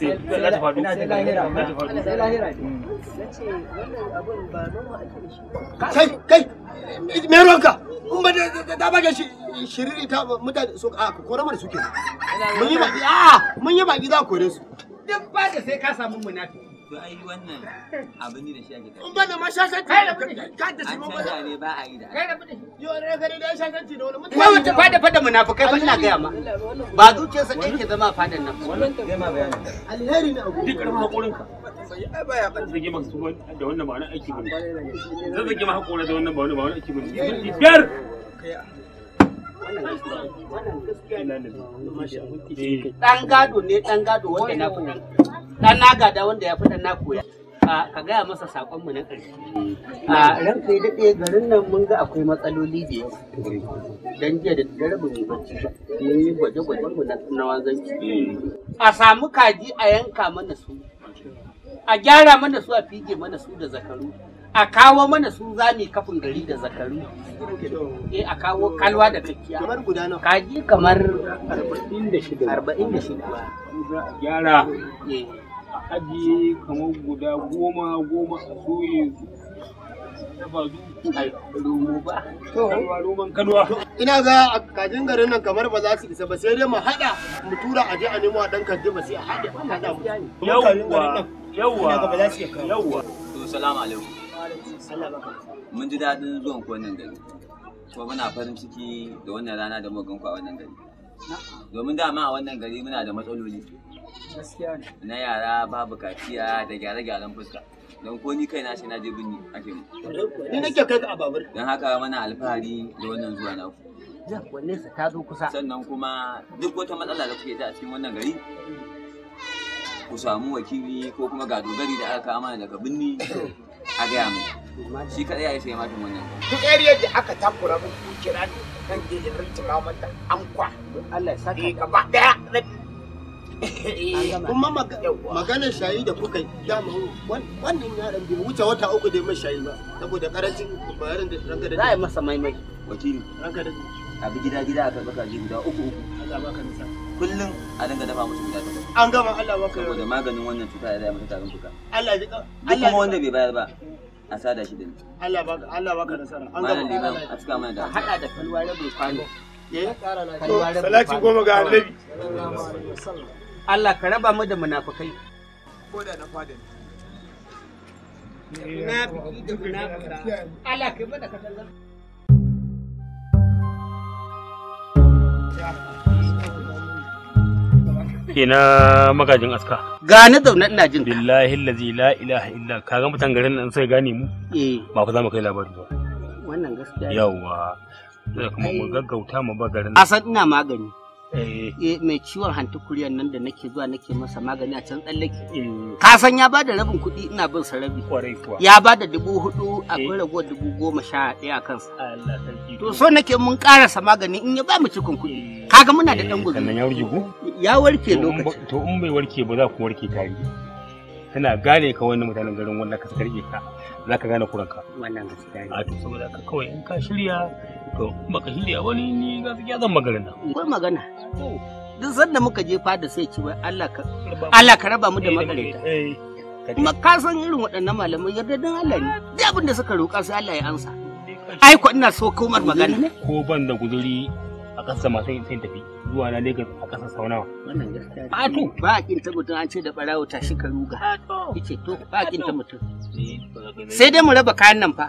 sai kai kai ba ta bage shi shiriri a kore mana mun baki mun yi baki za kore su duk sai ka samu munafi To ai wannan abin ne da shi ake kai. In ma shashanci kai da ba. ne ba a yi da. Kai da Yo ne da shashanci da wani mutum. Wai wata fada fada munafikai ba ina ga Ba ke zama fadan nan. Wannan ma bayani. Alheri ne abu. Duk hakurin ka. kan zage maka da wannan ba wani aiki bane. zage maka da wannan ba wani ba wani aiki bane. Biyar. Dan gado ne dan gado wanda na fi dan na gada wanda ya fi dan na koya ka gaya masa sakon mu na ƙarshe mm. a ah, ran kai daɗe garin nan mun ga akwai matsaloli da dan jiya da dare mu bacci mun yi gwaje-gwajen mu na wanzanci mm. a samu kaji a yanka mana su a gyara mana su a fige mana su da zakaru a kawo mana su zami kafin gari da zakaru eh a kawo kalwa da kakkiya kamar guda nawa kaji kamar 46 46 gyara eh a ajiye kamar guda goma goma a soye su ina ga a kajin garin nan kamar ba za su isa ba sai dai mu haɗa mu tura a je a nemo a dan kaji ba sai a haɗa a haɗa mu yawwa yawwa yawwa to salamu alaikum mun ji daɗin zuwan ku wannan gari ko muna farin ciki da wannan rana da muka ganku a wannan gari domin dama a wannan gari muna da matsaloli na yara babu kaciya da gyare-gyaren fuska don ko ni kai na sai na je binni ake mu ni nake kai ka babur don haka mana alfahari da wannan zuwa na ku ja wanne sa ta zo kusa sannan kuma duk wata matsala da kuke da a cikin wannan gari ku samu wakili ko kuma ga dogari da aka kawo daga binni a ga mu shi kadai ya yi sai matan wannan duk area da aka takura mu kira ne kan da yarda mata an kwa Allah ya saka eh, gaba daya kuma maganar shayi da kuka dama wannan yaron bai wuce wata uku da mai shayi ba saboda karancin bayarin da ranka da za a yi masa maimai wakili ranka da a bi gida gida a karɓi kaji guda uku uku Allah baka nisa kullum a dinga dafa musu an gama Allah baka saboda maganin wannan cuta ya zai tarin fuka Allah ya kuma wanda bai bayar ba a sada shi da Allah baka Allah baka nasara an gama a cika mana da hada da kalwa ya salati goma ga annabi sallallahu alaihi wasallam Allah ka raba mu da munafukai ko da na fada eh, na fi da munafuka Allah ka mana katangar ina magajin aska gani zaune ina jin ka. billahi la ilaha illa kaga mutan garin nan sai gane mu Eh. ba ku za mu kai labari ba wannan gaskiya yawa kuma mu gaggauta mu ba garin asan ina magani Eh. eh mai ciwon hantukuriyar nan da nake zuwa nake masa magani a can tsallake eh. ka san ya bada rabin kuɗi ina bin sa rabi ya bada dubu hudu a akwai eh. rago dubu goma sha ɗaya a kansa to so nake mun karasa magani in ya ba mu cikin kuɗi kaga muna da ɗan gudu ya warke ya warke lokaci to in bai warke ba za ku warke tare kana gane ka wani mutanen garin wannan ka karɓe ka za ka gane kuranka wannan gaskiya a to saboda ka kawai in ka shirya to baka shirya wani ni gaskiya zan magana. nan akwai magana duk sanda muka je fada sai ci wai Allah ka Allah ka raba mu da eh, magareta eh. kuma ka san irin waɗannan malamai yarda dan Allah ne duk abin da suka roƙa sai Allah ya ansa ai ko ina so komar magana ne. ko ban da guduri a ƙasar ma sai sai tafi zuwa na Lagos a ƙasar Saunawa wannan gaskiya a to ba a kinta mutum an ce da barawo tashi ka ruga yace to ba a kinta mutum eh, sai dai mu raba kayan nan fa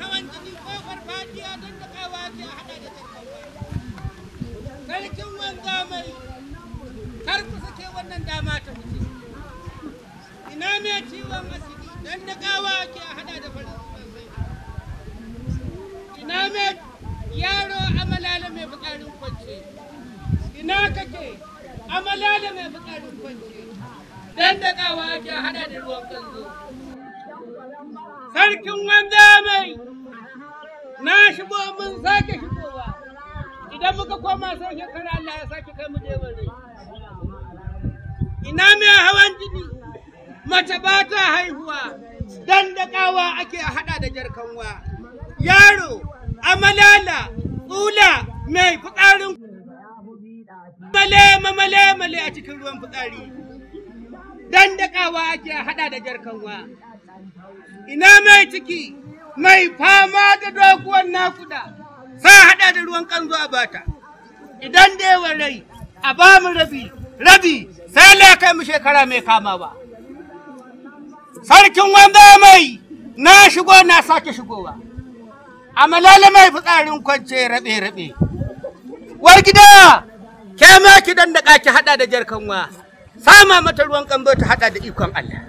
hawan jini ko farfajiya don da kawa ke a hada da sarkin wanga mai wannan dama ta ina ciwon asidi don da kawa ke a hada da farin ina yaro amalala mai bukarin ina kake amalala mai bukarin don da kawa ke a hada da ruwan kanzo sarkin wanda mai na shigo mun sake shigowa idan muka koma sau shekara Allah ya sake kai mu dewan rai ina mai hawan jini mace ba ta haihuwa dan da kawa ake hada da jarkanwa yaro amalala tsula mai fitsarin male mamale male a cikin ruwan fitsari dan da kawa ake hada da jarkanwa ina mai ciki mai fama da doguwar nakuda sa hada da ruwan kanzo a bata idan da yawan rai a ba mu rabi rabi sai la kai mu shekara mai kama ba sarkin wanda mai na shigo na sake shigowa a malala mai fitsarin kwance rabe rabe war gida ke ma ki dan da ki hada da jarkanwa sama mata ruwan kanzo ta hada da ikon Allah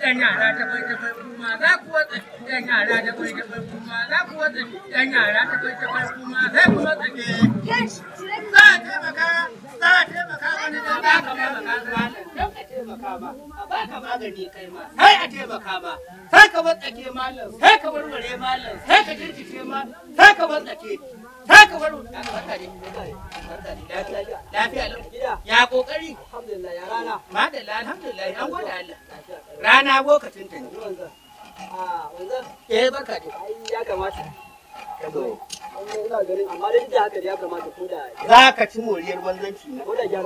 Ɗan yara ta bai ta bai kuma za ku watsa Ɗan yara ta bai ta bai kuma za ku watsa Ɗan yara ta bai ta bai kuma sai ku watsa ne za a taimaka za a taimaka wani da za ka taimaka ba don ka taimaka ba a ba ka magani kai ma sai a taimaka ba sai ka watsake malam sai ka warware malam sai ka jirki ci moriyar wanzanci taimaka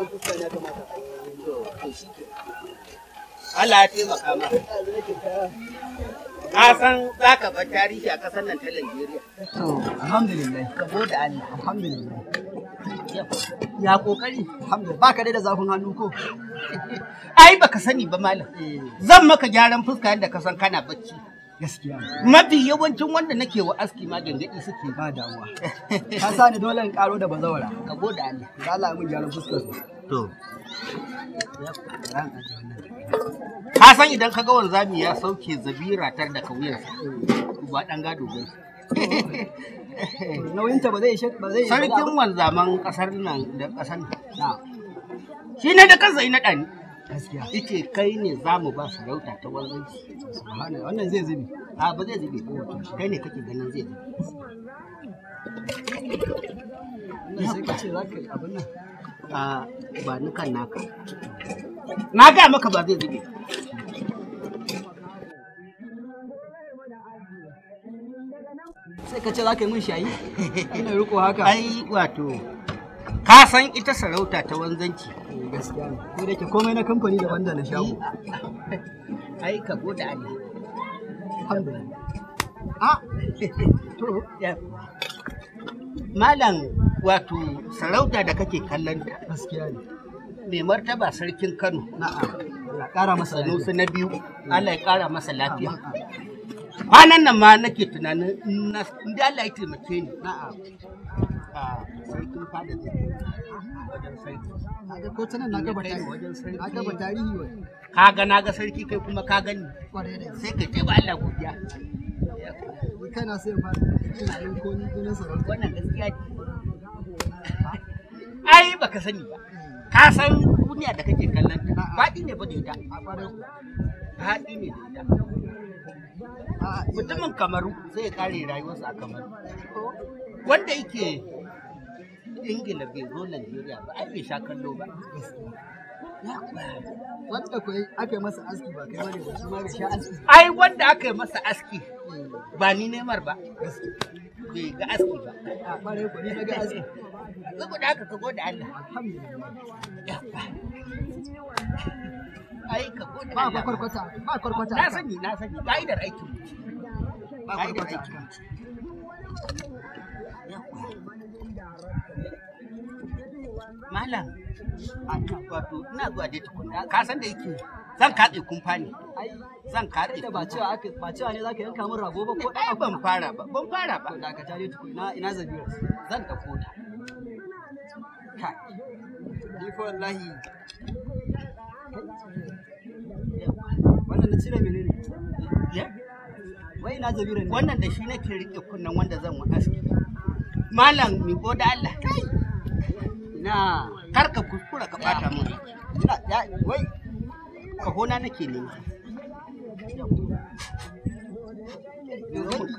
ma na san za ka tarihi a ƙasar nan ta Najeriya to alhamdulillah ani alhamdulillah zafin hannu ko ai baka sani ba malam eh. zan maka gyaran fuska yadda ka san kana bacci mafi yawancin wanda nake wa aski ma gangaɗi suke ba damuwa ka sa ni dole in karo da bazawara ka goda ni ka Allah mun gyara fuskar su to ka san idan ka ga wanzami ya sauke zabira tar da kawuyarsa ba dan gado ba nauyinta ba zai ba zai sarkin wanzaman kasar nan da kasar shi ne da kansa ina dani gaskiya Ice kai ne za mu ba sarauta ta wannan subhana wannan zai zubi a ba zai zubi ko kai ne kake ganin zai zubi sai kace za ka yi abin nan a ba nukan naka na ga maka ba zai zubi sai kace za ka yi min shayi ina riko haka ai wato ka san ita sarauta ta wanzanci eh, gaskiya ne da ke komai na kamfani da wanda na shago ai ka goda ali alhamdulillah a ah, to malam wato sarauta da kake kallon ta gaskiya ne mai martaba sarkin Kano na'a Allah kara masa lafiya na biyu mm. Allah ya kara masa lafiya kwanan nan ma nake tunanin in Allah ya taimake ni na'a sarkin fada kaga ko na sarki ga sarki kai kuma ka gani sai ka ce ba Allah godiya kana sai fa ba ko ni gina sarauta wannan gaskiya ce ai baka sani ba ka san duniya da kake kallon ta faɗi ne ba da ita faɗi ne da ita mutumin kamaru sai ya kare rayuwarsa a kamaru wanda yake ingila bai zo najeriya ba ai bai sha kallo ba wanda aka aka masa aski ba kai bane ba aski ai wanda aka masa aski ba ni ba bai ga aski ba a bare ni na ga aski ka Allah ai ka ba kwarkwata ba kwarkwata na sani na sani aikin ba kwarkwata Malam, ina zuwa dai ka da yake zan ne. Zan kumfa. Ba cewa zaka yanka min rago ba ko ɗan ban fara ba, ban ba. ina zabira. Zan ta. wannan na cire menene? Wannan rike kunnen wanda zan wa aski. Malam mi goda Allah. Kai. kar ka kuskura ka bata mun wai hona nake nema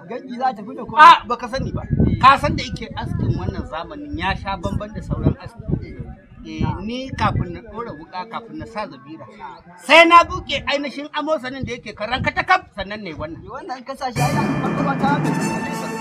gangi za ta fi da kuma ah! baka sani ba ka san da yake askin wannan zamanin ya sha bamban da sauran askin eh, ni kafin na ɗora wuka kafin na sa zabira sai na buke ainihin amosanin da yake karan katakaf sannan ne wannan wannan ka sa shi a yi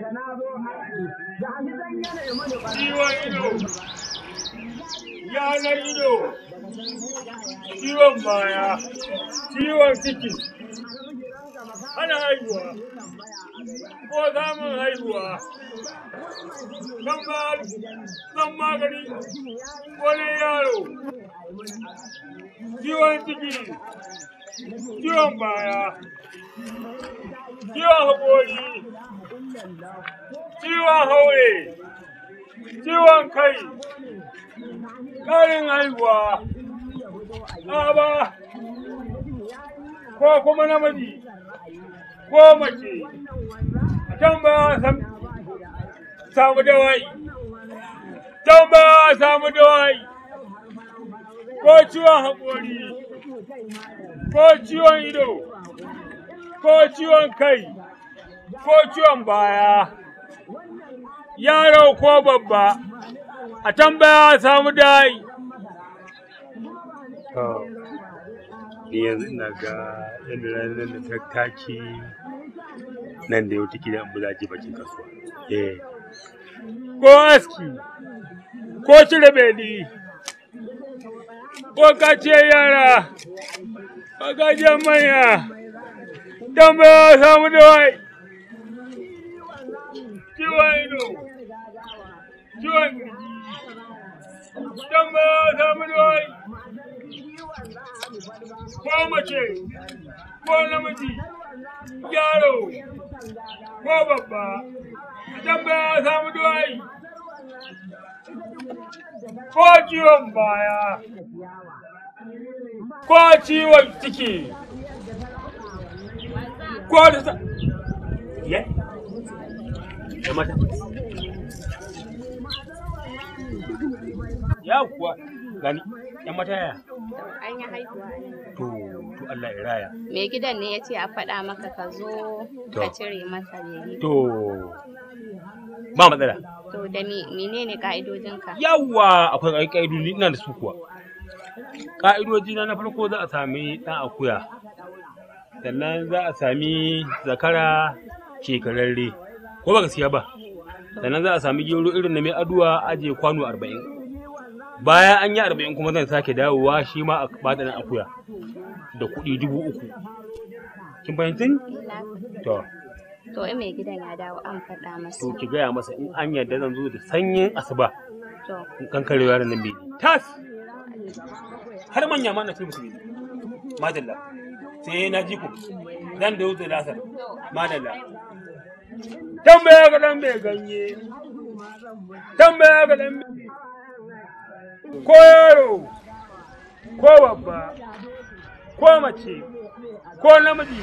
daga ciwon ido yanar ido ciwon baya ciwon ciki hana haihuwa ko samun haihuwa kan ba magani ko ne yaro ciwon ciki ciwon baya ciwon haƙori ciwon haure, ciwon kai, ƙarin haihuwa, tsaba ko kuma namiji, ko mace, can ba samu dawai, can ba samu dawai, ko ciwon haƙori, ko ciwon ido, ko ciwon kai. ko ciwon baya, yaro ko babba, a tambaya samu dai. Ni yanzu ina ga ranar da ta taki nan da yau da bakin kasuwa. Eh. Ko aski, ko cire ko kace yara, ko kaciyar manya, tambaya samu dai. ciwon ido ciwon dan ma ta mulwai ko mace ko namiji yaro ko babba idan ba ya samu duwai ko ciwon baya ko ciwon ciki ko da ya kuwa gani yan mata yaya an yi haihuwa to to Allah ya raya me gidan ne yace a faɗa maka ka zo ka cire masa bege to ba matsala to da me menene ka'idojinka yawa akwai ka'idoji ina da su kuwa ka'idoji na na farko za a sami ɗan akuya sannan za a sami zakara shekararre ko ba gaskiya ba sannan za a sami gero irin na mai aduwa aje kwano arba'in baya an yi arba'in kuma zan sake dawowa shi ma a bada akuya da kuɗi dubu uku kin fahimtin to to in mai gidan ya dawo an faɗa masa to ki gaya masa in an yarda zan zo da sanyin asuba to in kankare yaran nan bai tas har manya ma na ce musu bai madalla sai na ji ku zan da wuce lasar madalla tambaya ga dan mai ganye tambaya ga dan ko yaro ko babba ko mace ko namiji